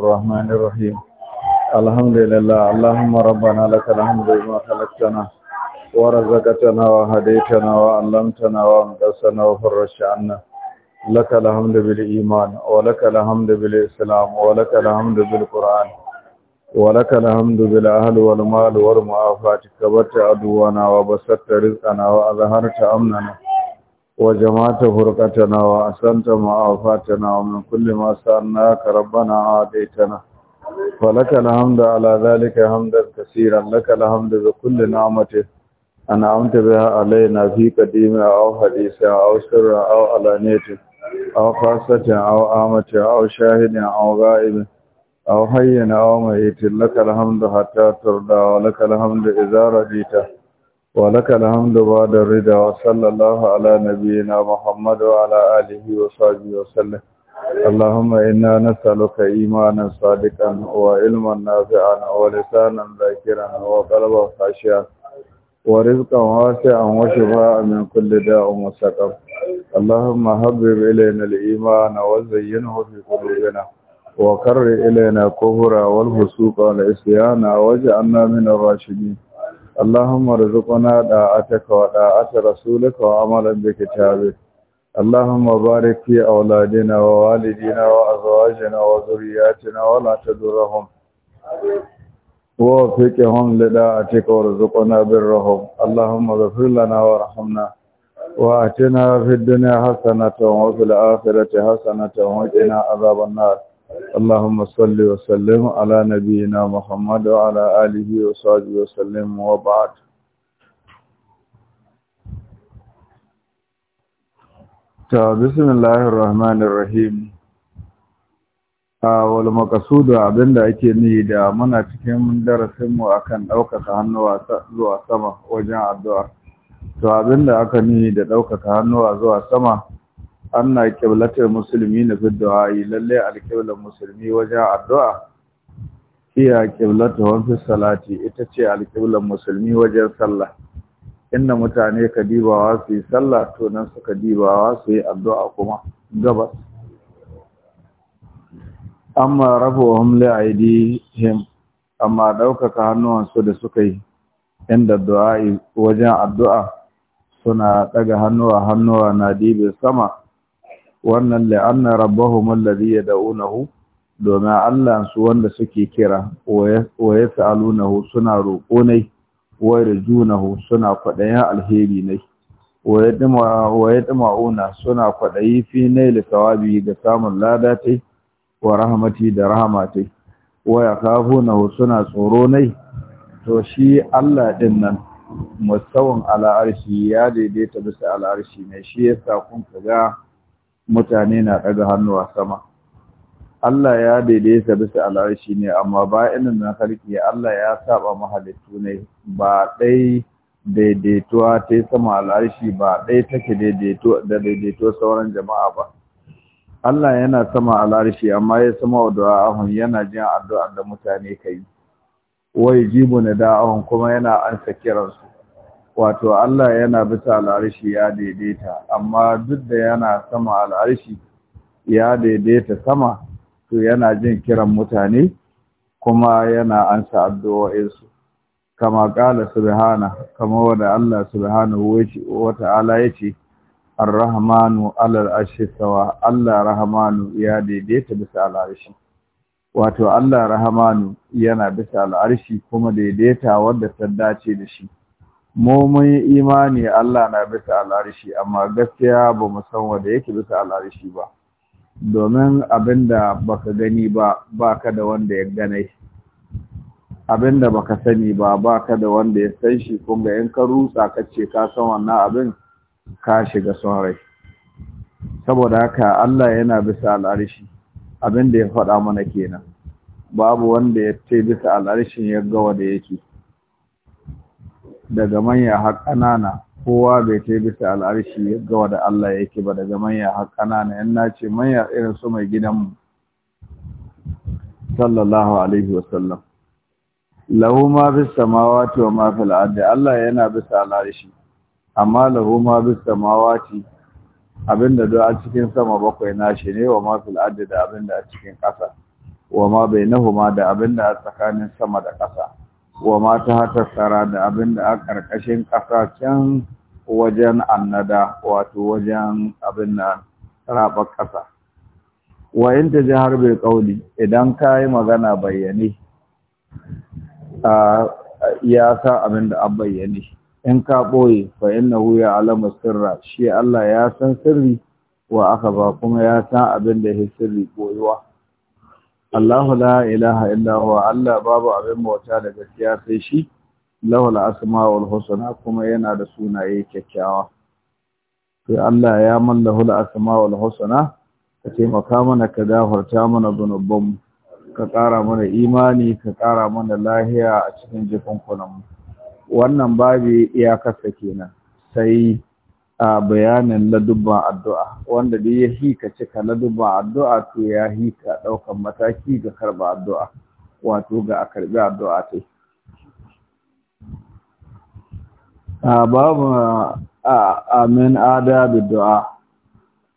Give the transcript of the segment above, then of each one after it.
الرحمن الرحيم الحمد لله اللهم ربنا لك الحمد بما خلقتنا ورزقتنا وهديتنا وعلمتنا وانقذتنا وفرجت عنا لك الحمد بالإيمان ولك الحمد بالإسلام ولك الحمد بالقرآن ولك الحمد بالأهل والمال والمعافاة كبرت عدونا وبسطت رزقنا وأظهرت أمننا وجمعت فرقتنا وأسنت معافاتنا ومن كل ما سألناك ربنا عاديتنا فلك الحمد على ذلك حمدا كثيرا لك الحمد بكل نعمة أنعمت بها علينا في قديم أو حديث أو سر أو علانية أو خاصة أو آمة أو شاهد أو غائب أو حي أو ميت لك الحمد حتى ترضى ولك الحمد إذا رضيت ولك الحمد بعد الرضا وصلى الله على نبينا محمد وعلى آله وصحبه وسلم اللهم إنا نسألك إيمانا صادقا وعلما نافعا ولسانا ذاكرا وقلبا خاشعا ورزقا واسعا وشفاء من كل داء وسقم اللهم حبب إلينا الإيمان وزينه في قلوبنا وكر إلينا الكفر والفسوق والعصيان واجعلنا من الراشدين اللهم رزقنا دعاتك ودعات رسولك وعملا بكتابك اللهم بارك في أولادنا ووالدنا وأزواجنا وذرياتنا ولا تدرهم ووفقهم لدعاتك ورزقنا برهم اللهم اغفر لنا وارحمنا وآتنا في الدنيا حسنة وفي الآخرة حسنة وقنا عذاب النار اللهم صل وسلم على نبينا محمد وعلى آله وصحبه وسلم وبعد بسم الله الرحمن الرحيم wal maqasudu abinda ake nihi da muna cikin darasinmu akan ɗaukaka hannuwa zuwa sama wajen addu'a to abinda aka nihi da ɗaukaka hannuwa zuwa sama anna qiblatul muslimin fi du'a lalle alqiblar musulmi wajen addu'a hiya qiblatuhum fi salati ita ce alqiblar musulmi wajen sallah inda mutane ka dibawa su yi sallah to nan suka dibawa su yi addu'a kuma gabas amma rafuhum li aidihim amma ɗaukaka hannuwansu da suka yi inda du'a wajen addu'a suna ɗaga hannuwa hannuwa na dibe sama wannan la'anna rabbahum alladhi yad'unahu domin Allah su wanda suke kira wa yas'alunahu suna roko ne wa yarjunahu suna kwadayin alheri ne wa yadma'una suna kwadayi fi nail thawabi ga samun ladati wa rahmati da rahmati wa yakhafunahu suna tsoro ne to shi Allah din nan musawwan ala arshi ya daidaita bisa ala arshi ne shi yasa kun kaga mutane na ɗaga hannu a sama Allah ya daidaita bisa al'arshi ne amma bayanin na sarki Allah ya saba mahalittu ne ba dai daidaituwa ta sama al'arshi ba dai take daidaito da daidaito sauran jama'a ba Allah yana sama al'arshi amma ya sama du'a'ahum yana jin addu'ar da mutane kai wai jibu na da'ahum kuma yana ansa kiransu wato Allah yana bisa al'arshi ya daidaita amma duk da yana sama al'arshi ya daidaita sama to yana jin kiran mutane kuma yana ansa addu'o'insu kama kala subhana kama wanda Allah subhanahu wa ta'ala yace Ar-Rahmanu 'alal Allah Rahmanu ya daidaita bisa al'arshi wato Allah Rahmanu yana bisa al'arshi kuma daidaita wanda ta dace da shi mu mun yi imani Allah na bisa al'arshi amma gaskiya ba mu san wanda yake bisa al'arshi ba domin abinda baka gani ba baka da wanda ya gane abinda baka sani ba baka da wanda ya san shi kun ga in karu ka ce ka san wannan abin ka shiga son rai saboda haka Allah yana bisa al'arshi abinda ya faɗa mana kenan babu wanda ya ce bisa al'arshin ya ga wanda yake daga manya har ƙanana kowa bai ta bisa al'arshi ga da Allah yake ba daga manya har ƙanana yan nace manya irin su mai gidanmu sallallahu alaihi wasallam lahu ma bis samawati wa ma fil ardi Allah yana bisa al'arshi amma lahu ma bis samawati abinda da a cikin sama bakwai nashi ne wa ma fil ardi da abinda a cikin ƙasa wa ma bainahuma da abinda a tsakanin sama da ƙasa wa mata hata da abin da a ƙarƙashin ƙasa can wajen annada wato wajen abin na raɓar ƙasa wa in ta ji bai ƙauli idan ka yi magana bayyane ya sa abin da an bayyane in ka ɓoye fa inna wuya alama sirra shi Allah ya san sirri wa aka ba kuma ya san abin da ya sirri ɓoyuwa Allahu la ilaha illa Allah babu abin bauta da gaskiya sai shi al asma'ul husna kuma yana da sunaye kyakkyawa sai Allah ya mallahul asma'ul husna ka taimaka mana ka gafarta mana zunubanmu ka ƙara mana imani ka ƙara mana lahiya a cikin jikunkunanmu wannan babi iyakarsa kenan sai a bayanin ladubban addu'a wanda dai ya hika cika ladubban addu'a to ya hika ɗaukan mataki ga karɓa addu'a wato ga a karɓi addu'a ta a babu amin adabi du'a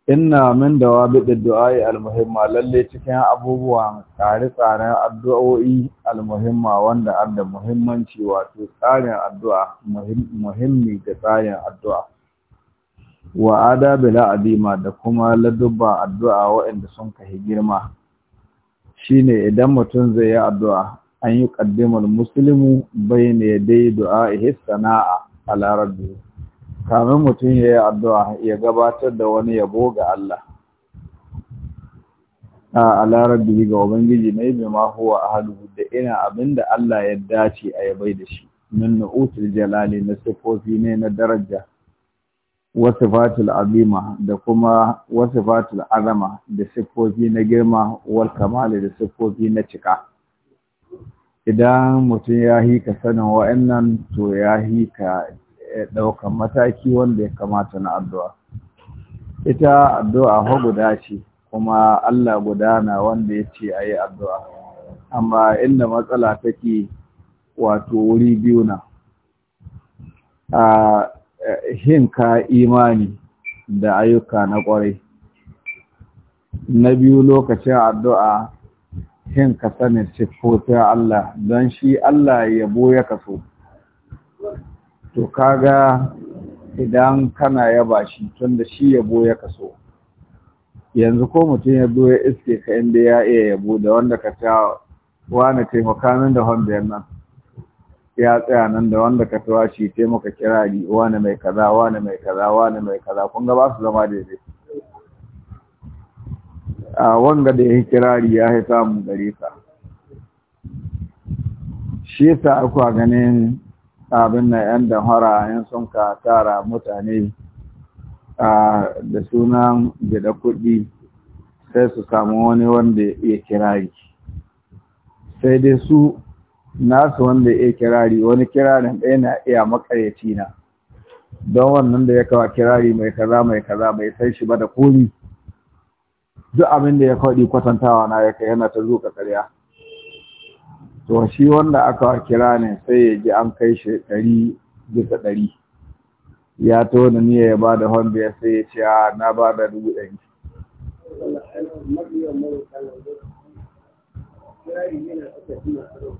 ina min da dawabid yi almuhimma lalle cikin abubuwan tsare-tsaren addu'o'i almuhimma wanda adda muhimmanci wato tsarin addu'a muhimmi ga tsarin addu'a wa adabila adima da kuma ladubba addu'a waɗanda sun kai girma shine idan mutum zai yi addu'a an yi qaddimul muslimu bayna yaday du'a'ihi sana'a ala rabbi kamin mutum ya yi addu'a ya gabatar da wani yabo ga Allah a ala rabbi ga ubangiji mai bi ma huwa ahluhu da ina abinda Allah ya dace a yabai da shi min nu'utul jalali na sifofi ne na daraja Wasu wasifatul azima da kuma wasu wasifatul azama da siffofi na girma wal kamali da siffofi na cika idan mutum ya yi ka sanin wa'annan to ya yi ka eh, ɗaukan mataki wanda ya kamata na addu'a ita addu'a fa guda ce kuma Allah guda na wanda ya ce a yi addu'a amma inda matsala take wato wuri biyu na ah, Hin ka imani da ayyuka na ƙwarai na biyu lokacin addu'a hinka sanin siffofin Allah don shi Allah yabo ya kaso to kaga idan kana yaba shi tunda shi yabo ya kaso yanzu ko mutum ya zo iske ka inda ya iya yabo da wanda ka ta wane taimaka min da wanda biyar nan ya tsaya nan da wanda ka tawa shi sai muka kirari wani mai kaza wani mai kaza wani mai kaza kun ga ba su zama daidai a wanga da ya yi kirari ya yi samun gare ka shi yasa aka ganin abin na yan damhara yan sun ka tara mutane da sunan gida kuɗi sai su samu wani wanda ya kirari sai dai su nasu wanda ya kirari wani kirarin ɗaya na iya makaryaci na don wannan da ya kawo kirari mai kaza mai kaza bai san shi ba da komi duk abin da ya faɗi kwatantawa na ya kai yana ta ka karya. to shi wanda aka wa kirarin sai ya ji an kai shi ɗari bisa ɗari ya to da niyya ya ba da hombe sai ya ce na ba da dubu ɗari Thank you.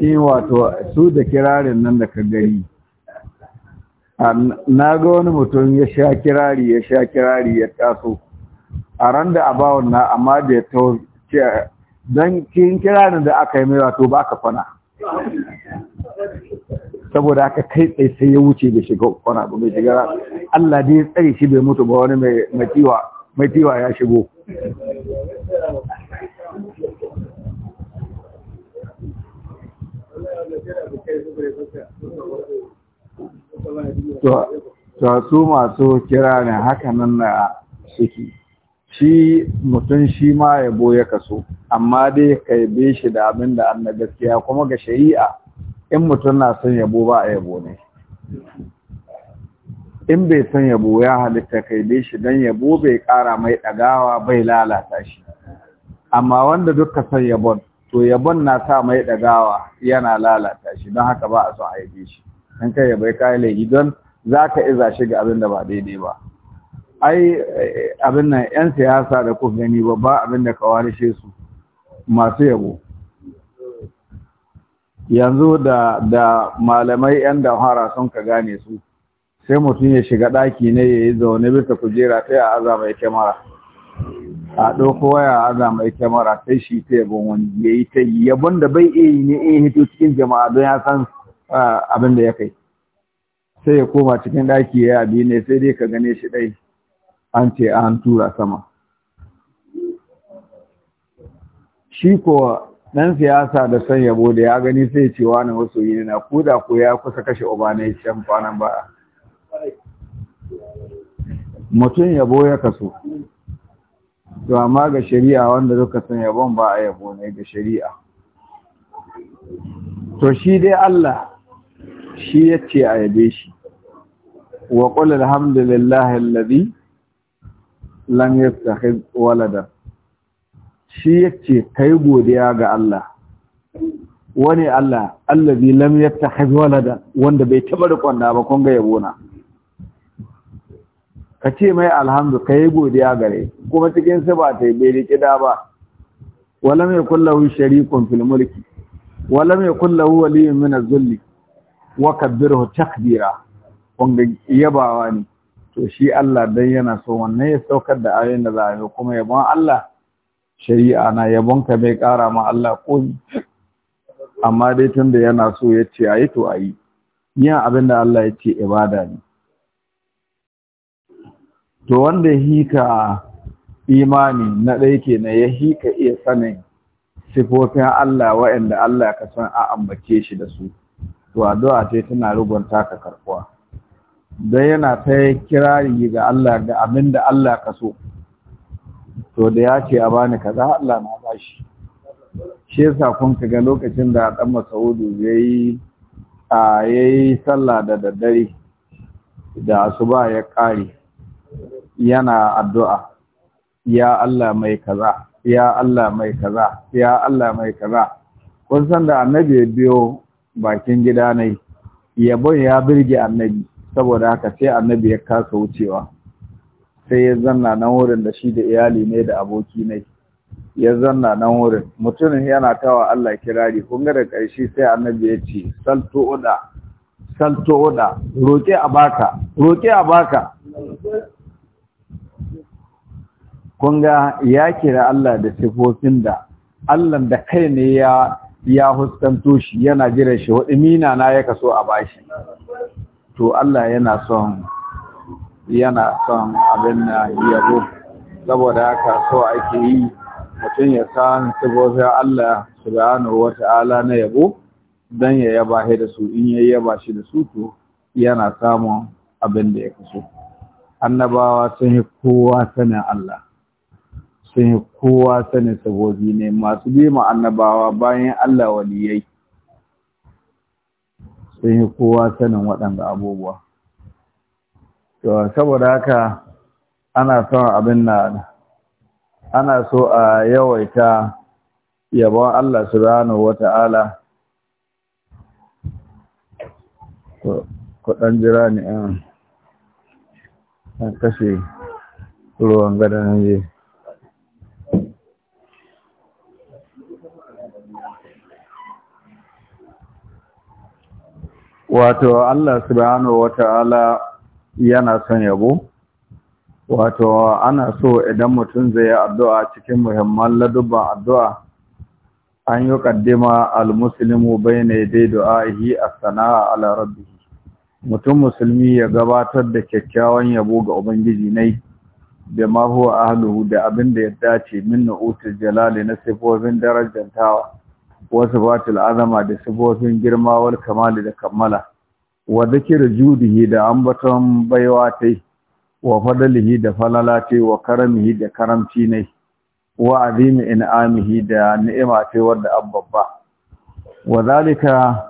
eh wato su da kirarin nan da ka gani na ga wani mutum ya sha kirari ya sha kirari ya taso a ran da abawon na amma da ya taho don kin kirarin da aka yi mai wato ba ka fana saboda aka kai tsaye sai ya wuce da shiga kwana ba mai shiga Allah dai ya tsare shi bai mutu ba wani mai tiwa ya shigo to masu kira ne haka nan na suke shi mutum shi ma yabo ya kaso amma dai ka yabe shi da abin da an na gaskiya kuma ga shari'a in mutum na son yabo ba a yabo ne in bai son yabo ya halitta ka yabe shi don yabo bai kara mai ɗagawa bai lalata shi amma wanda duka son yabon to yabon na sa mai ɗagawa yana lalata shi don haka ba a son a yabe shi in ka yabai kayan laifi don za ka iza shi ga abin da ba daidai ba ai abin nan 'yan siyasa da ku gani babba abin da shi su masu yabo yanzu da malamai 'yan dahara sun ka gane su sai mutum ya shiga ɗaki ne ya yi zaune bisa kujera ta ya aza mai kyamara a ɗauko waya aza mai kyamara sai shi ta yabon wani ya yi ta yi yabon da bai iya yi ne iya hito cikin jama'a don ya san ah, abin da ya kai sai ya koma cikin ɗaki ya abi ne sai dai ka gane shi ɗai an ce an tura sama shi ko ɗan siyasa da son yabo da ya gani sai ce na wasu yi na kuda ko ya kusa kashe obanai can kwanan ba mutum yabo ya kaso to amma ga shari'a wanda suka san yabon ba a yabo ne ga shari'a to shi dai Allah shi yace a yabe shi wa qul alhamdulillahi alladhi lam yattakhidh walada shi yace kai godiya ga Allah wani Allah alladhi lam yattakhidh walada wanda bai taba da da ba kun ga yabo na kace mai alhamdu kai godiya gare kuma cikin ba ta bai riki da ba wala mai kullahu sharikun fil mulki wala mai kullahu waliyyun min az-zulli wa birhu takbira wanga yabawa ne to shi Allah dan yana so wannan ya saukar da ayoyin da za a yi kuma yabon Allah shari'a na yabon ka bai kara ma Allah komi amma dai tunda yana so ya ce ayi to ayi yin abin da Allah ya ce ibada ne to wanda hika imani na ɗaya na ya hika iya sanin sifofin Allah waɗanda Allah ka san a ambace shi da su to addu'a ce tana rugunta ka karbuwa Dan yana ta kirari ga Allah ga abin da Allah ka so to da ya ce a bani kaza Allah na bashi shi yasa kun ga lokacin da dan Masaudu yayi a yayi sallah da daddare da asuba ya kare yana addu'a ya Allah mai kaza ya Allah mai kaza ya Allah mai kaza kun san da annabi biyo bakin gida ne yabon ya birge annabi saboda haka sai annabi ya kasa wucewa sai ya zanna nan wurin da shi da iyali ne da aboki ne ya zanna nan wurin mutumin yana tawa Allah kirari kun ga da ƙarshe sai annabi ya ce salto uda salto uda roƙe a baka roƙe a baka kun ya kira Allah da sifofin da Allah da kai ne ya ya huskanto shi yana jiran shi waɗi mina na ya kaso a bashi to Allah yana son yana son abin na yabo saboda haka so ake yi mutum ya san sabobin Allah subhanahu wata'ala na yabo dan ya yaba shi da su in ya yaba shi da su to yana samun abin da ya kaso annabawa sun yi kowa sanin Allah sun yi kowa sanin sabobi ne masu bi annabawa bayan Allah waliyai sun yi kowa sanin waɗanda abubuwa to saboda haka ana son abin na ana so a yawaita yabon Allah subhanahu wata'ala wata ɗan jira ne an kashe ruwan yi. wato Allah subhanahu wata'ala yana son yabo wato ana so idan mutum zai yi addu'a cikin muhimman ladubban addu'a an yi kaddima al-muslimu bayna yaday du'ahi a sanaa ala rabbih mutum musulmi ya gabatar da kyakkyawan yabo ga ubangiji nai, da ma ahluhu da abin da ya dace min utar jalali na sifofin darajantawa wasu batul azama da sifofin girmawar kamali da kammala wa zikir judihi da ambaton baiwa tai wa fadalihi da falala tai wa karamihi da karamci ne wa azimi in'amihi da ni'ima tai wanda abbabba wa zalika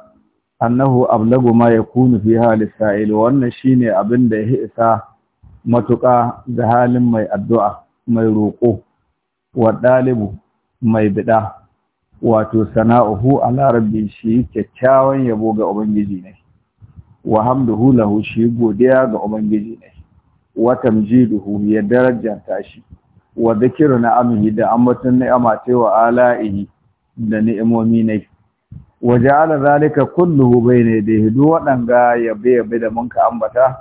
annahu ablagu ma yakunu fi halis sa'il wannan shine abin da ya isa matuƙa da halin mai addu'a mai roƙo wa ɗalibu mai bida wato sana'uhu a larabin shi kyakkyawan yabo ga ubangiji ne wa hamduhu lahu shi godiya ga ubangiji ne wa tamjiduhu ya darajanta shi wa dhikru na'amihi da ambatun ni'ama ta wa ala'ihi da ni'imomi ne wa ja'ala zalika kulluhu bayna yadayhi duk wadanga yabe yabe da mun ambata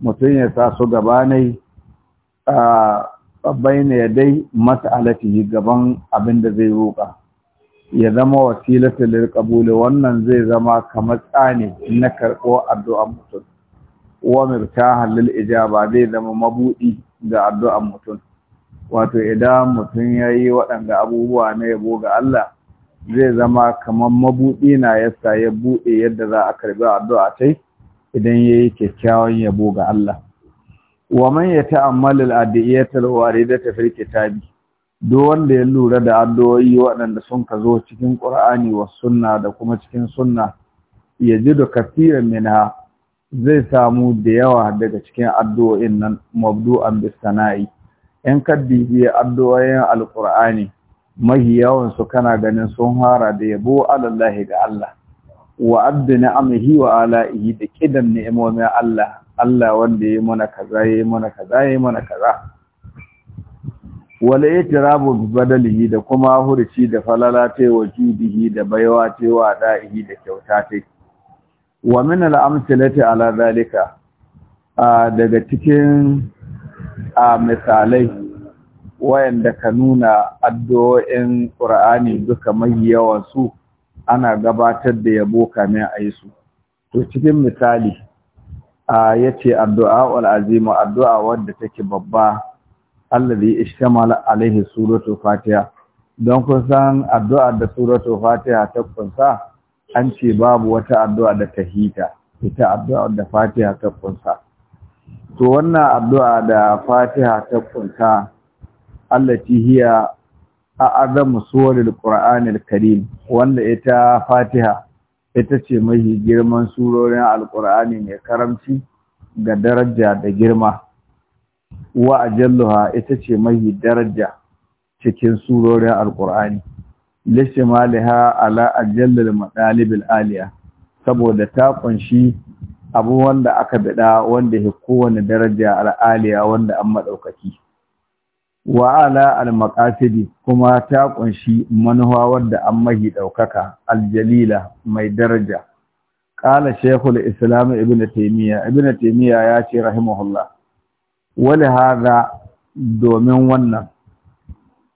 mutun ya sa su ne a bayna yadai mas'alatihi gaban abin da zai roƙa ya zama wasilata lil wannan zai zama kamar tsani na karɓo addu'an mutum wa ta lil ijaba zai zama mabuɗi ga addu'an mutum wato idan mutum ya yi waɗanda abubuwa na yabo ga Allah zai zama kamar mabuɗi na yasa ya buɗe yadda za a karɓi addu'a sai, idan ya yi kyakkyawan yabo ga Allah wa man yata'ammalu al da waridata fil tabi duk wanda ya lura da addu'o'i waɗanda sun ka zo cikin ƙur'ani wa sunna da kuma cikin sunna ya ji da kafiyar minha zai samu da yawa daga cikin addu'o'in nan mabdu'an bisana'i in ka bibiya addu'o'in alƙur'ani mahi yawan su kana ganin sun hara da yabo alallahi ga Allah wa abdu ni'amihi wa ala'ihi da kidan ni'imomin Allah Allah wanda ya yi mana kaza ya yi mana kaza ya yi mana kaza yake itirabu badalihi da kuma hurci da falala yi wa da baiwa yi wa da'ihi da kyauta tai wa min al ala zalika daga cikin misalai wayanda ka nuna addu'o'in Qur'ani duka mai yawansu, ana gabatar da yabo kamin ayi su to cikin misali yace addu'a wal addu'a wanda take babba Allah alladhi ishtamala alaihi suratu fatiha don kusan addu'a da suratul fatiha ta kunsa an ce babu wata addu'a da tahita ita addu'a da fatiha ta kunsa to wannan addu'a da fatiha ta kunsa allati hiya a'azamu suwaril qur'anil karim wanda ita fatiha ita ce mahi girman surorin alqur'ani mai karamci ga daraja da girma wa ajalluha ita ce mahi daraja cikin surorin alqur'ani lishimaliha ala ajallal madalibil aliya saboda ta kunshi abu wanda aka bida wanda ya kowane daraja al'aliya wanda an madaukaki wa ala al kuma ta kunshi manuwa wanda an mahi daukaka aljalila mai daraja qala shaykhul islam ibnu taymiya ibnu taymiya ya ce rahimahullah wani haza domin wannan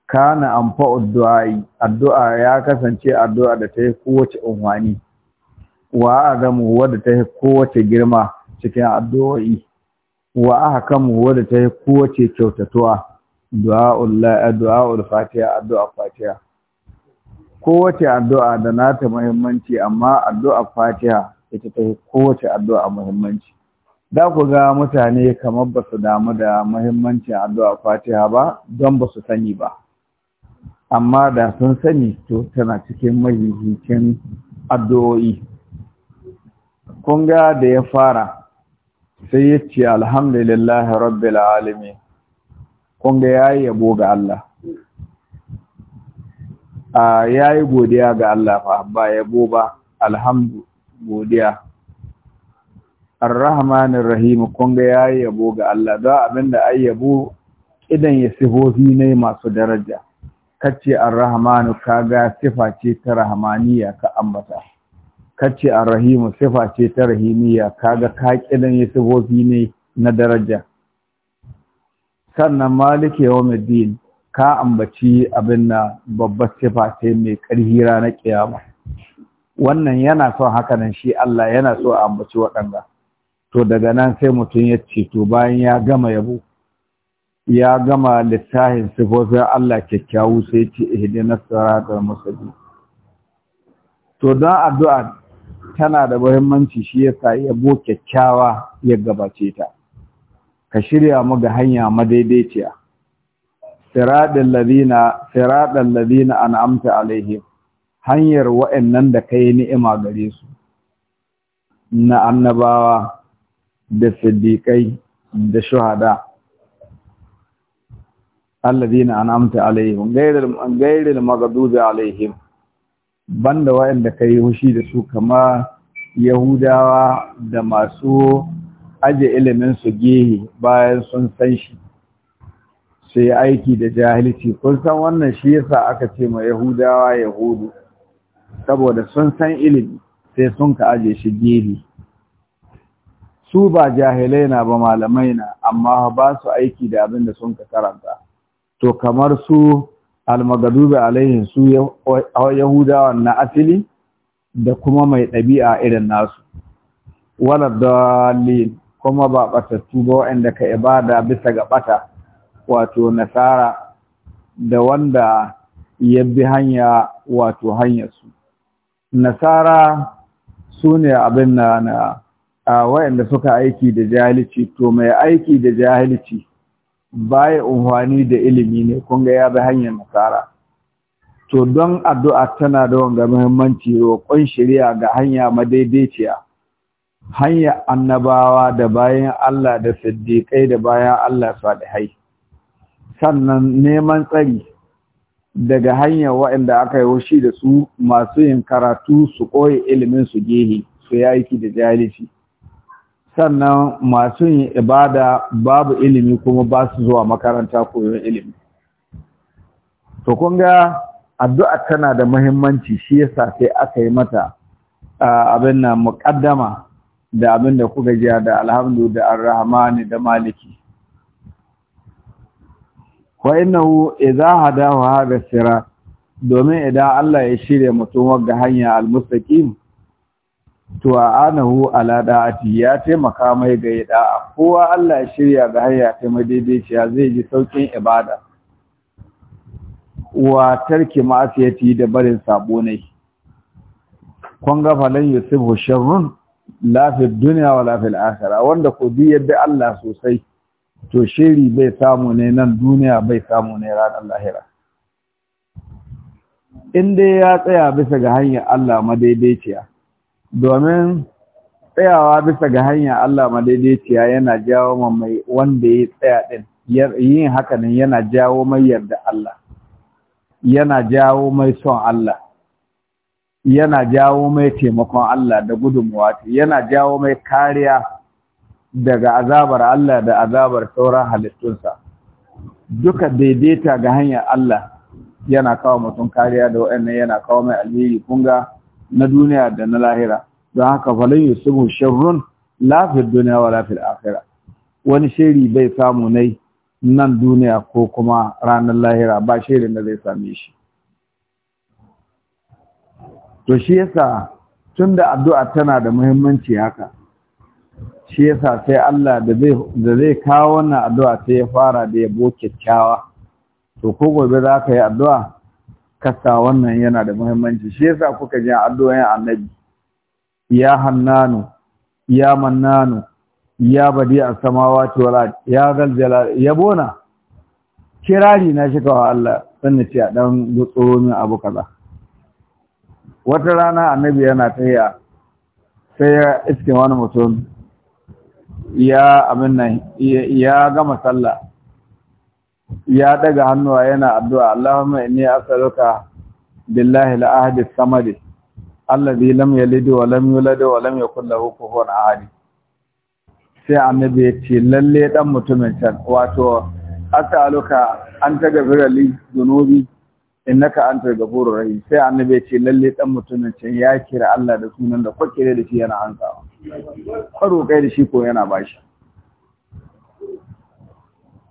kana amfa addu'a'i addu'a ya kasance addu'a da ta yi kowace unwani wa azamu wadda ta yi kowace girma cikin addu'o'i wa ahkamu wadda ta yi kowace kyautatuwa ullahi ul fatiha addu'a fatiha kowace addu'a da nata muhimmanci amma addu'a fatiha ita ta yi kowace addu'a muhimmanci da ku ga mutane kamar ba su damu da muhimmancin addu'a fatiha ba don ba su sani ba amma da sun sani to tana cikin mahimmancin addu'o'i kun ga da ya fara sai ya ce alhamdulillahi rabbil alamin kun ga yi yabo ga Allah a yayi godiya ga Allah fa ba yabo ba alhamdu godiya ar rahim kun ga yayi yabo ga Allah da abinda ai yabo idan ya sifofi ne masu daraja kace arrahman ka kaga sifa ce ta rahmaniya ka ambata kace ar sifa ce ta rahimiya kaga ka kidan ya sifofi ne na daraja sannan maliki yawmiddin ka ambaci abin na babbar sifa ce mai ƙarhi ranar kiyama wannan yana son haka nan shi Allah yana so a ambaci waɗanda to daga nan sai mutum ya ce to bayan ya gama yabo ya gama littafin sifofin Allah kyakkyawu sai ce na siratal mustaqim to don addu'a tana da muhimmanci shi yasa yabo kyakkyawa ya gabace ta ka shirya mu ga hanya madaidaiciya siratal ladina siratal ladina an'amta alaihim hanyar wa'annan da kai ni'ima gare su na annabawa da siddiƙai da shuhada alladhina an'amta alaihim ghayril ghayril maghdubi alaihim banda ka kai hushi da su kama yahudawa da masu aje ilimin su gehe bayan sun san shi sai aiki da jahilci kun san wannan shi yasa aka ce ma yahudawa yahudu saboda sun san ilimi sai sun ka aje shi gehe su ba jahilai na ba malamai na amma ba su aiki da abin da sun ka karanta to kamar su almagadubi alaihin su yahudawan na asili da kuma mai ɗabi'a irin nasu wala dalil kuma ba ɓatattu ba waɗanda ka ibada bisa ga ɓata, wato nasara da wanda ya bi hanya wato hanyarsu nasara su ne abin na a suka aiki da jahilci to mai aiki da jahilci baya unhwani da ilimi ne kun ga ya bi hanyar nasara to don addu'a tana da wanga muhimmanci roƙon shari'a ga hanya madaidaiciya hanya annabawa da bayan Allah da siddiƙai da bayan Allah salihai sannan neman tsari daga hanyar waɗanda aka yi wushi da su masu yin karatu su koyi ilimin su gehe su yi aiki da jahilci sannan masu yin ibada babu ilimi kuma ba su zuwa makaranta koyon ilimi to kun ga addu'a tana da mahimmanci shi sa sai aka yi mata abin na muƙaddama da abin da kuka jiya da alhamdu da ne da maliki wa innahu idza hadahu hada sirat domin idan Allah ya shirya mutum ga hanya almustaqim to a anahu ala da'ati ya taimaka mai ga yada kowa Allah ya shirya ga hanya ta madaidaiciya zai ji saukin ibada wa tarki ma'asiyati da barin sabo ne kun ga falan yusuf sharrun la fi dunya wa fi akhirah wanda ko bi yadda Allah sosai to shiri bai samu ne nan duniya bai samu ne ranar lahira in dai ya tsaya bisa ga hanyar Allah madaidaiciya domin tsayawa bisa ga hanyar Allah madaidaiciya yana jawo mai wanda ya tsaya ɗin yin haka yana jawo mai yarda Allah yana jawo mai son Allah yana jawo mai taimakon Allah da gudunmuwa yana jawo mai kariya daga azabar Allah da azabar sauran halittunsa duka daidaita ga hanyar Allah yana kawo mutum kariya da waɗannan yana kawo mai alheri kunga na duniya da na lahira don haka falon yusufu sharrun lafiyar duniya wa lafiyar akira wani shiri bai samu nai nan duniya ko kuma ranar lahira ba shiri na zai same shi to shi yasa tun da addu'a tana da muhimmanci haka shi yasa sai Allah da zai kawo wannan addu'a sai ya fara da yabo kyakkyawa to ko gobe za ka yi addu'a kasa wannan yana da muhimmanci shi yasa kuka ji addu'o'in annabi ya hannanu ya mannanu ya badi a samawati wal ya zal jalal ya bona kirari na shi wa Allah sannan ce a dan gutsuro min abu kaza wata rana annabi yana tafiya sai ya iske wani mutum ya abin nan ya gama sallah ya daga hannuwa yana addu'a Allahumma inni as'aluka billahi al-ahad as-samad alladhi lam yalid wa lam yulad wa lam yakul lahu kufuwan ahadi. sai annabi ya ce lalle dan mutumin can wato as'aluka an tagfira li dunubi innaka anta ghafurur rahim sai annabi ya ce lalle dan mutumin can ya kira Allah da sunan da kwakire da shi yana hankawa kwaro kai da shi ko yana bashi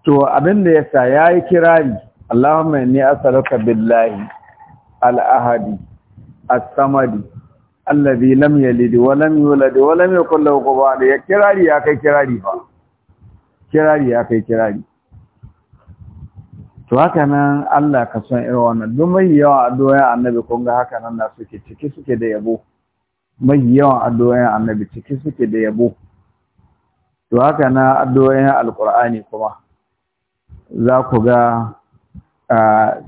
to abin da ya yi kirari Allahumma inni as'aluka billahi al-ahadi as-samadi alladhi lam yalid wa lam yulad wa lam yakul lahu kufuwan ya kirari ya kai kirari fa kirari ya kai kirari to haka nan Allah ka san irin wannan duk mai yawa addu'a annabi kun ga haka nan na suke ciki suke da yabo mai yawa addu'a annabi ciki suke da yabo to haka nan addu'a alqur'ani kuma za ku ga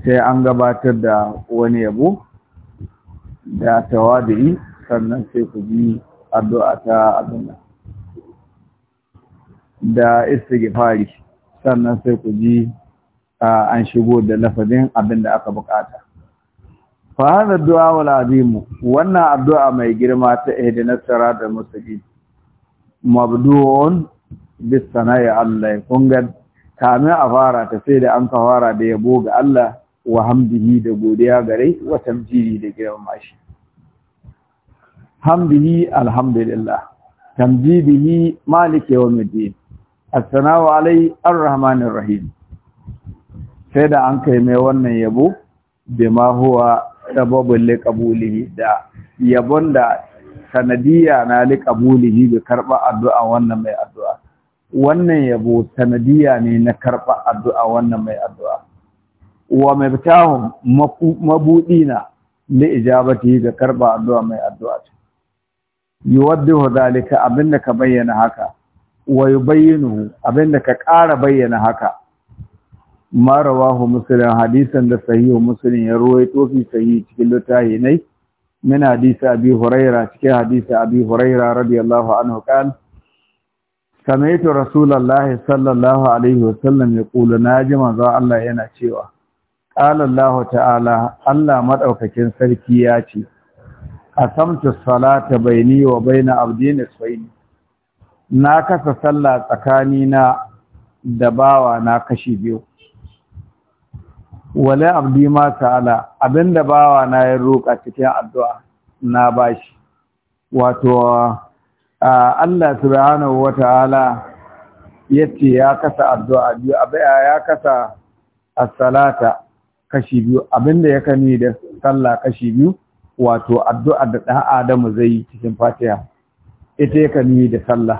sai an gabatar da wani yabo da tawadi sannan sai ku bi addu'a ta abinda da istighfari sannan sai ku ji an shigo da lafazin abinda aka bukata fa hada du'a wal azim wannan addu'a mai girma ta ihdinas sirata mustaqim mabdu'un bis sana'i Allah kun kamin a fara ta sai da an ka fara da yabo ga Allah wa hamdihi da godiya gare wa tamjiri da girma shi hamdihi alhamdulillah tamjidihi malik yawmiddin assalamu alai arrahmanir rahim sai da an kai mai wannan yabo ma huwa sababul liqabulihi da yabon da sanadiyya na liqabulihi bi karba addu'a wannan mai addu'a wannan yabo sanadiya ne na karɓa addu'a wannan mai addu'a wa mai bitahun mabuɗi na da ijabati ga karɓa addu'a mai addu'a ce yi wadda abin abinda ka bayyana haka wa yi abin abinda ka ƙara bayyana haka marawahu musulun hadisan da sahihu musulun ya ruwai tofi sahi cikin littafi nai min hadisa abi huraira cikin hadisa abi huraira radiyallahu anhu kan samaitu Rasulallah sallallahu alaihi wasallam ya kula na ji manzo Allah yana cewa qala Allah ta'ala Allah madaukakin sarki ya ce qasamtu salata ni wa baina abdi nisfaini na kasa sallah tsakani na da bawa na kashi biyu wala abdi ma ta'ala abinda bawa na ya roƙa cikin addu'a na bashi wato Allah subhanahu wata'ala yace ya kasa addu'a biyu abaya ya kasa as-salata kashi biyu abinda ya kani da sallah kashi biyu wato addu'a da ɗan Adamu zai yi cikin Fatiha ita ya kani da sallah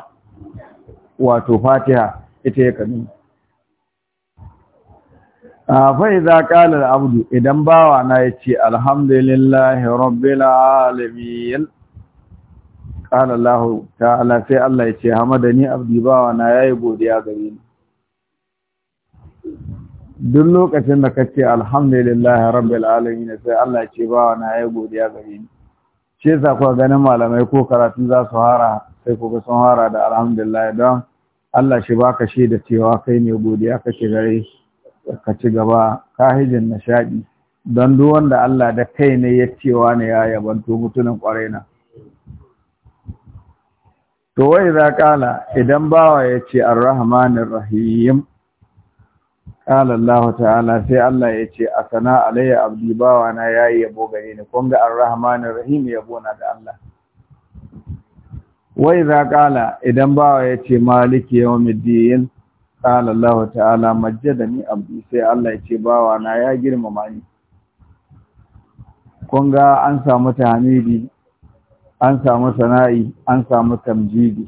wato Fatiha ita ya kani fa idza qala al-abdu idan bawa na yace alhamdulillahi rabbil alamin qala Allah ta'ala sai Allah ya ce hamadani abdi bawa na yayi godiya gare ni duk lokacin da kace alhamdulillahi rabbil alamin sai Allah ya ce bawa na yayi godiya gare ni shi za ku ganin malamai ko karatu za su hara sai ku ga sun hara da alhamdulillah don Allah shi baka shi da cewa kai ne godiya kake gare ka ci gaba kahijin nishadi don duk wanda Allah da kai ne ya cewa ne ya yabanto mutunan kwarai na to wai za kala idan bawa ya ce arrahmanir rahim kala Allah ta'ala sai Allah ya ce a sana alayya abdi bawa na yayi yabo gare ni kun ga arrahmanir rahim yabo na da Allah wai za kala idan bawa ya ce maliki yawmiddin kala Allah ta'ala majjadani abdi sai Allah ya ce bawa na ya girmama ni kun ga an samu tahmidi an samu sana'i an samu tamjidi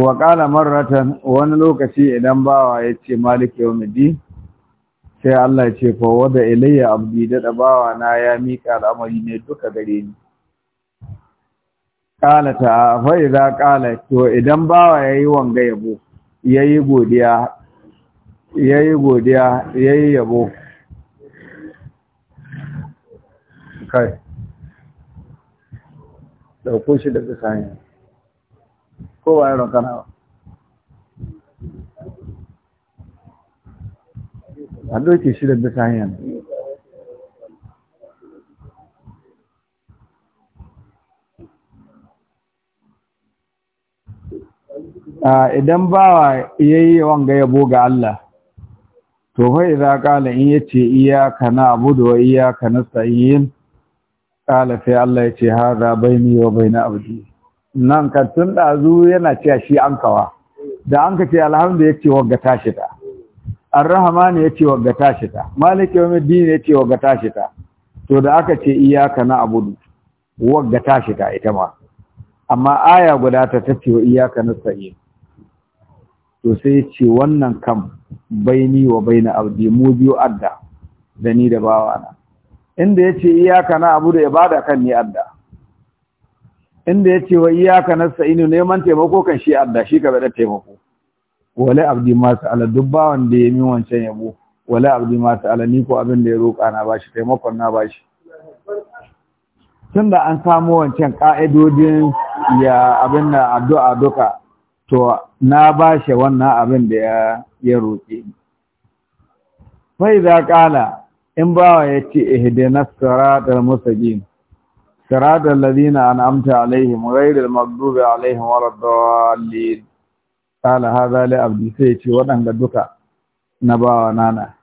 wa qala marratan wani lokaci idan bawa yace maliki yawmiddin sai Allah ya ce fa wada ilayya abdi da bawa na ya mika al'amari ne duka gare ni qala ta fa idza qala to idan bawa yayi wanga yabo yayi godiya yayi godiya yayi yabo kai ɗauko shi daga kayan kowa yaron ba? a ɗauke shi daga kayan idan bawa ya yi wanga yabo ga Allah to fa idza qala in yace iyyaka na'budu wa iyyaka nasta'in ƙala sai Allah ya ce haza baini wa baina abdi nan ka tun ɗazu yana cewa shi an kawa da an ka ce alhamdu ya ce wagga ta shi ta arrahman ya ce wagga ta shi ta malik yawmiddin ya ce wagga ta shi ta to da aka ce iyaka na abudu wagga ta shi ta ita ma amma aya guda ta tace wa iyaka nasta'in to sai ya ce wannan kam baini wa baina abdi mu biyu adda da ni da bawana inda ya ce iyaka na abu da da kan ni adda inda ya ce wa iyaka na sa'inu neman taimako kan shi adda shi ka bada taimako Wale abdi ma sa'ala duk wanda da ya min wancan yabo Wale abdi ma sa'ala ni ko abin da ya roƙa na bashi taimakon na bashi tunda an samu wancan ka'idodin ya abin da addu'a duka to na bashi wannan abin da ya roƙe ni fa idza qala in bawa ya ce ihdinas siratal mustaqim siratal ladina an'amta alaihim ghairil maghdubi alaihim waladdallin qala hadha li abdi sai ce wadanga duka na bawa nana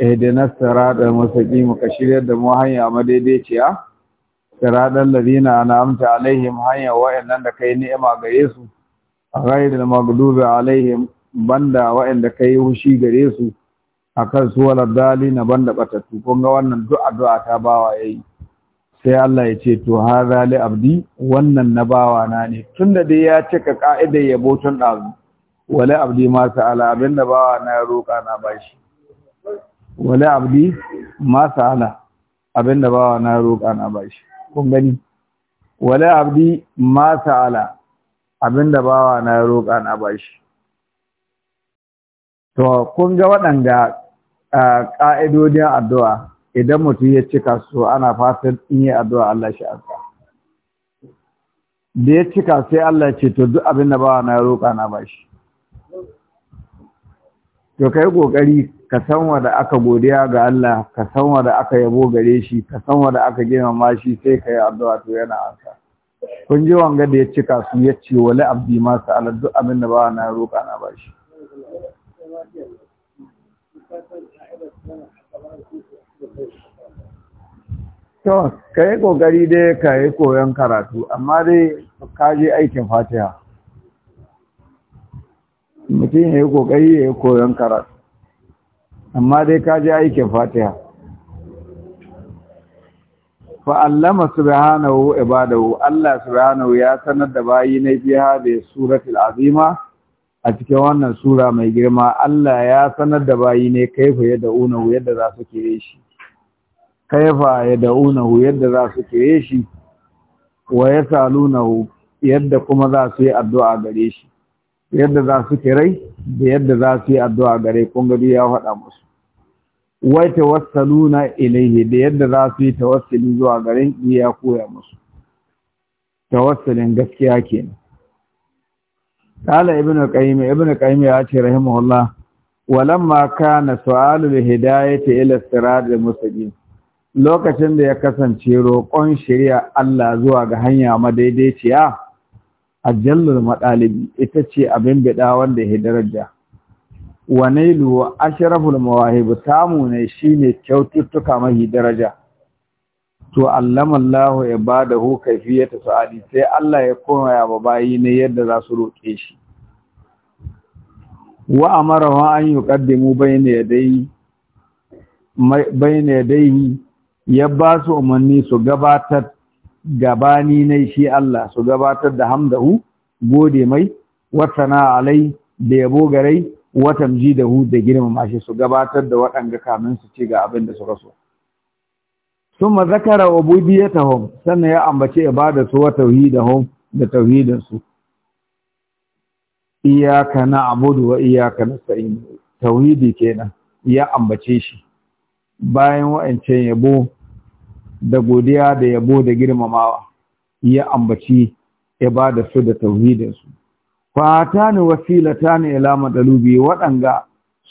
ihdinas siratal mustaqim ka shiryar da mu hanya madaidaiciya siratal ladina an'amta alaihim hanya wa'annan da kai ni'ima gare su ghairil maghdubi alaihim banda wa'anda kai hushi gare su akan su wala dali na ban da batattu kun ga wannan du'a-du'a ta bawa yayi sai Allah ya ce to ha zali abdi wannan na bawa na ne tunda dai ya cika ka'idar yabo tun dazu wala abdi ma sa'ala abinda bawa na ya roƙa na bashi wala abdi ma sa'ala abinda bawa na ya roƙa na bashi kun gani wala abdi ma sa'ala abinda bawa na ya roƙa na bashi to kun ga waɗanda ƙa'idodin addu'a idan mutum ya cika su ana fatan in yi addu'a Allah shi azza da ya cika sai Allah ce to duk abin da ba na roƙa na bashi to kai ƙoƙari ka san wanda aka godiya ga Allah ka san wanda aka yabo gare shi ka san wanda aka gina ma shi sai ka yi addu'a to yana ansa kun ji wanga da ya cika su ya ce wale abdi ma sa'ala duk abin da ba na roƙa na bashi To, ka yi ƙoƙari dai ka yi koyon karatu, amma dai ka je aikin fatiha. Mutum ya yi ƙoƙari ya yi koyon karatu, amma dai ka je aikin fatiha. Fa'allama subhanahu ibadahu, Allah subhanahu ya sanar da bayi na biya da suratul azima a cikin wannan sura mai girma Allah ya sanar da bayi ne kaifa ya da'unahu yadda za su kire shi kaifa ya da'unahu yadda za su kire shi wa ya salunahu yadda kuma za su yi addu'a gare shi yadda za su kirai da yadda za su yi addu'a gare kun gadi ya faɗa musu wai tawassaluna ilaihe da yadda za su yi tawassuli zuwa garin iya koya musu tawassulin gaskiya kenan Sale Ibn Qayyim Ibn Qayyim ya ce rahimahullah walamma kana su'alul hidayati ila siratal mustaqim lokacin da ya kasance roƙon shiriya Allah zuwa ga hanya madaidaiciya ajallul maɗalibi, ita ce abin biɗa wanda ya daraja wa nailu ashraful mawahib samu ne shine kyaututtuka mahi daraja to allama Allahu hu kayfiyata su'ali sai Allah ya koya wa bayi ne yadda za su roƙe shi wa amara wa an yuqaddimu bayna yadayhi bayna yadayhi ya ba su umarni su gabatar gabani ne shi Allah su gabatar da hamdahu gode mai watana alai da yabo garai wa tamjidahu da girmama shi su gabatar da waɗanga kamin su ci ga abin da suka so ثم ذكر عبوديتهم سنه sannan ya ambace ibada su wa tauhidahum da tauhidin su iyyaka na'budu wa iyyaka tauhidi kenan ya shi bayan wa'ancan yabo da godiya da yabo da girmamawa ya ambaci ibada su da tauhidin su fatani wasilatani ila madalubi waɗanga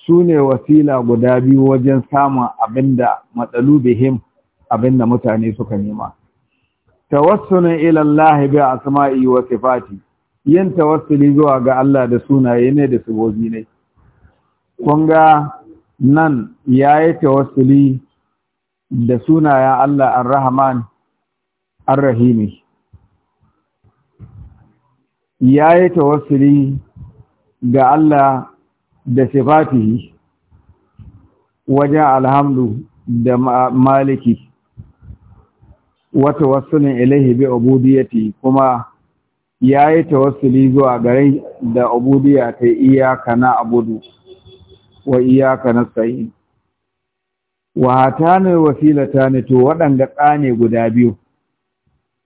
su ne wasila guda biyu wajen samun abinda matsalubihim abin da mutane suka nema tawassulin ila Allah bi asma'i wa sifati yin tawassuli zuwa ga Allah da sunaye ne da sibobi ne kun ga nan yayi tawassuli da sunayen Allah Ar-Rahman Ar-Rahimi yayi tawassuli ga Allah da sifatihi wajen alhamdu da maliki wata wasulin ilahi bi ubudiyati kuma ya yi tawassuli zuwa gare da ubudiya ta iyaka na abudu wa iyaka na sayi wa hata ne ta ne to waɗanga ƙane guda biyu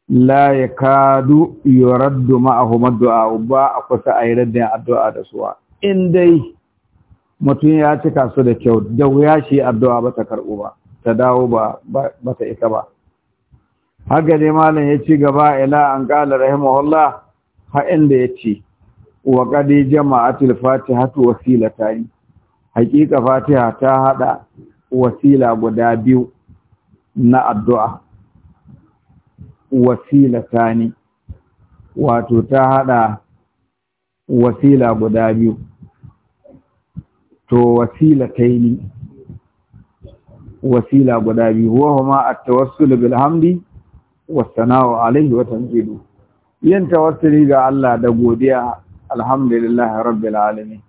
la yakadu yuraddu ma'ahum addu'a ba a kusa a yi raddin addu'a da suwa in dai mutum ya cika su da kyau da wuya shi addu'a ba ta karɓu ba ta dawo ba ba ta ita ba haka dai malam ya ci gaba ila an kala rahimahullah ha inda ya ce wa qad jama'atul fatihatu wasilatan hakika fatiha ta hada wasila guda biyu na addu'a wasila tani wato ta hada wasila guda biyu to wasila wasilataini wasila guda biyu wahuma at-tawassul bil hamdi wasanawa alaihi wa tanqidu yin tawassuli ga Allah da godiya alhamdulillah rabbil alamin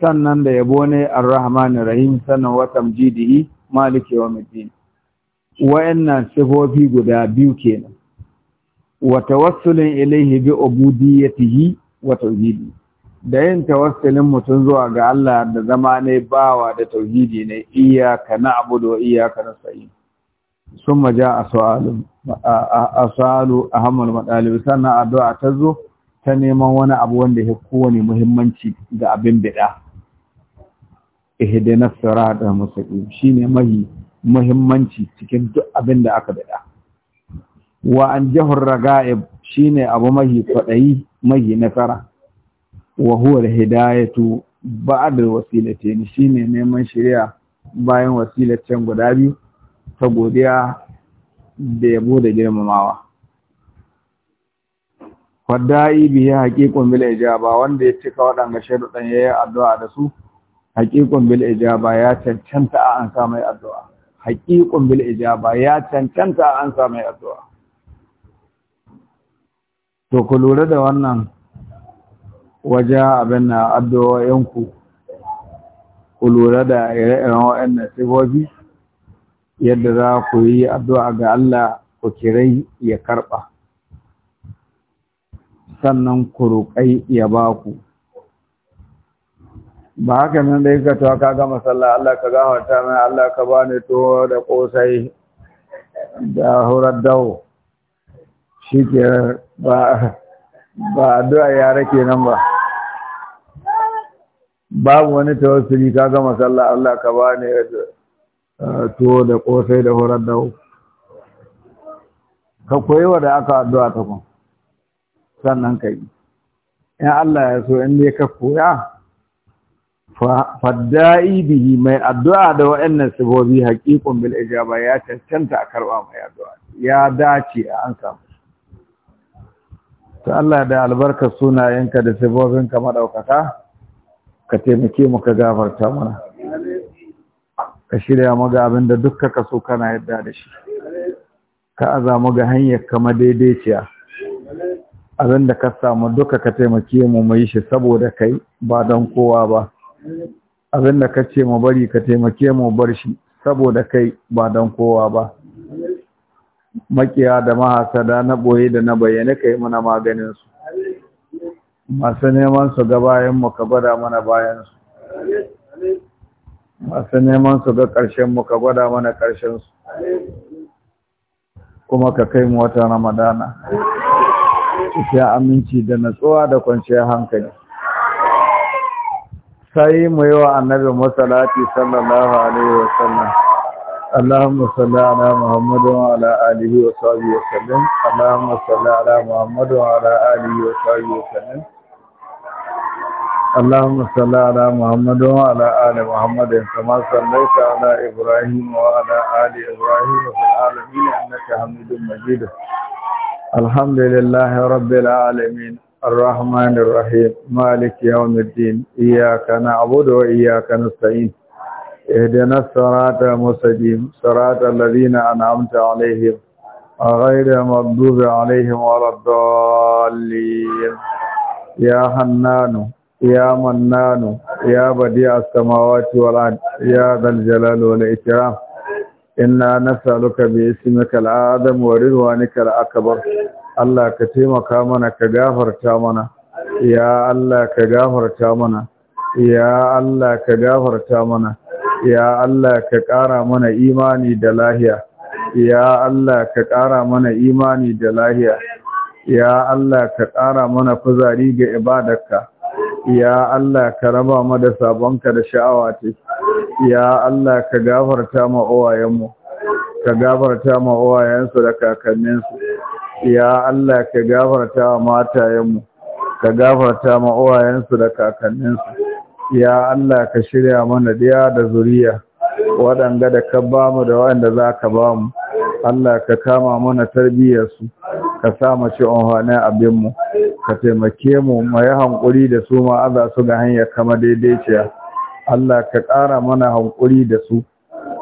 sannan da yabo ne arrahmanir rahim sannan wa tamjidihi maliki yawmiddin wa'annan sifofi guda biyu kenan wa tawassulin ilaihi bi ubudiyyatihi wa tauhidi da yin tawassulin mutum zuwa ga Allah da zama ne bawa da tauhidi ne iyyaka na'budu wa iyyaka nasta'in sun maja a sa'alu a hamar maɗalibi sannan addu'a ta zo ta neman wani abu wanda ya kowane muhimmanci ga abin bida da musaƙi shi shine mahi muhimmanci cikin duk abin da aka bida wa an jahur raga'ib shine abu mahi kwaɗayi mahi nasara wa huwa alhidayatu ba'da shi shine neman shirya bayan wasilacen guda biyu ta godiya da yabo da girmamawa yi bihi haƙiƙon bil ijaba wanda ya cika waɗanda ya yi addu'a da su haƙiƙon bil ijaba ya cancanta a an samai addu'a Haƙiƙon bil ijaba ya cancanta a an samai addu'a to ku lura da wannan waje abin na addu'o'inku ku lura da ire-iren waɗannan sifofi yadda za ku yi addu'a ga Allah ku kirai ya karɓa sannan ku roƙai ya ba ku ba haka nan da yake to ka ga Allah ka gafarta mai Allah ka bani to da kosai da horar dawo shi ke ba ba addu'a yare nan ba babu wani tawassuli kaga gama Allah ka bani tuwo da ƙosai da horar da ka koyi wa da aka addu'a ta kun sannan ka yi in Allah ya so in dai ka koya fadda bihi mai addu'a da waɗannan sabobi haƙiƙun bil ijaba ya cancanta a karɓa mai addu'a ya dace a an samu ta Allah da albarkar sunayenka da sabobinka maɗaukaka ka taimake mu ka gafarta mana ka shirya maga abin da dukka ka so kana yadda da shi ka aza maga hanyar kama daidaiciya abin da ka samu duka ka taimake mu mai yi shi saboda kai ba don kowa ba abin da ka ce mu bari ka taimake mu bar shi saboda kai ba don kowa ba makiya da mahasada na boye da na bayyane kai muna maganin su masu neman su ga bayan mu ka gwada mana bayan su masu neman su ga ƙarshen mu ka gwada mana ƙarshensu. su kuma ka kai mu wata ramadana cikin aminci da natsuwa da kwanciyar hankali sai mu yi wa annabi masalati sallallahu alaihi wa sallam اللهم صل على محمد وعلى آله وصحبه وسلم اللهم صل على محمد وعلى آله وصحبه وسلم اللهم صل على محمد وعلى آل محمد كما صليت على إبراهيم وعلى آل إبراهيم في العالمين إنك حميد مجيد الحمد لله رب العالمين الرحمن الرحيم مالك يوم الدين إياك نعبد وإياك نستعين اهدنا الصراط المستقيم صراط الذين أنعمت عليهم غير المغضوب عليهم ولا الضالين يا حنان يا منان يا بديع السماوات والارض يا ذا الجلال والاكرام انا نسالك باسمك العظم ورضوانك الاكبر الله كتيما منا كغافر تامنا يا الله كغافر تامنا يا الله كغافر تامنا يا الله كقارا منا ايماني دلاهيا يا الله كقارا منا ايماني دلاهيا يا الله كقارا منا فزاري ga ibadarka ya Allah ka raba mu da sabonka da sha'awa ce ya Allah ka gafarta ma mu ka gafarta ma su da kakanninsu ya Allah ka gafarta ma matayenmu ka gafarta ma su da kakanninsu ya Allah ka shirya mana diya da zuriya waɗanda da ka ba mu da wanda za ka ba mu Allah ka kama mana tarbiyyarsu ka sa mace abin abinmu ka taimake mu mu yi hankuri da su ma aza su ga hanya kama daidaiciya Allah ka ƙara mana hankuri da su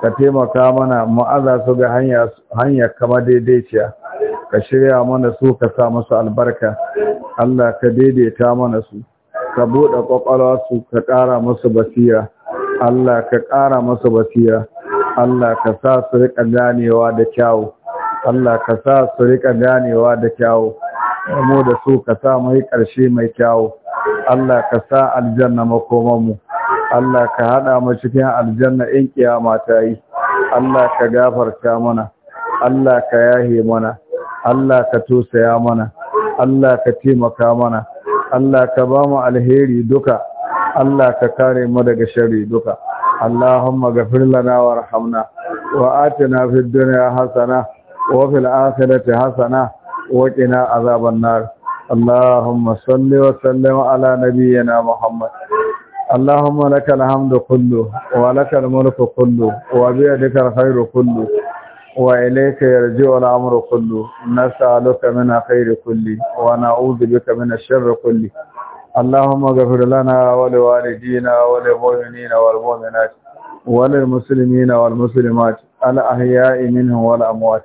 ka taimaka mana mu aza su ga hanya kama kama daidaiciya ka shirya mana su ka sa masu albarka Allah ka daidaita mana su ka buɗe ƙwaƙwalwa su ka ƙara musu basira Allah ka ƙara masu basira Allah ka sa su riƙa ganewa da kyawu Allah ka sa su riƙa ganewa da kyawu mu da su ka sa mu yi ƙarshe mai kyawu Allah ka sa aljanna makomanmu Allah ka haɗa mu cikin aljanna in kiyama ta yi Allah ka gafarta mana Allah ka yahe mana Allah ka tosaya mana Allah ka taimaka mana Allah ka ba mu alheri duka Allah ka kare mu daga sharri duka Allahumma ghafir lana warhamna wa atina fid dunya hasana wa fil akhirati hasana وقنا عذاب النار اللهم صل وسلم على نبينا محمد اللهم لك الحمد كله ولك الملك كله وبيدك الخير كله وإليك يرجع الأمر كله نسألك من خير كله ونعوذ بك من الشر كله اللهم اغفر لنا ولوالدينا وللمؤمنين والمؤمنات وللمسلمين والمسلمات الأحياء منهم والأموات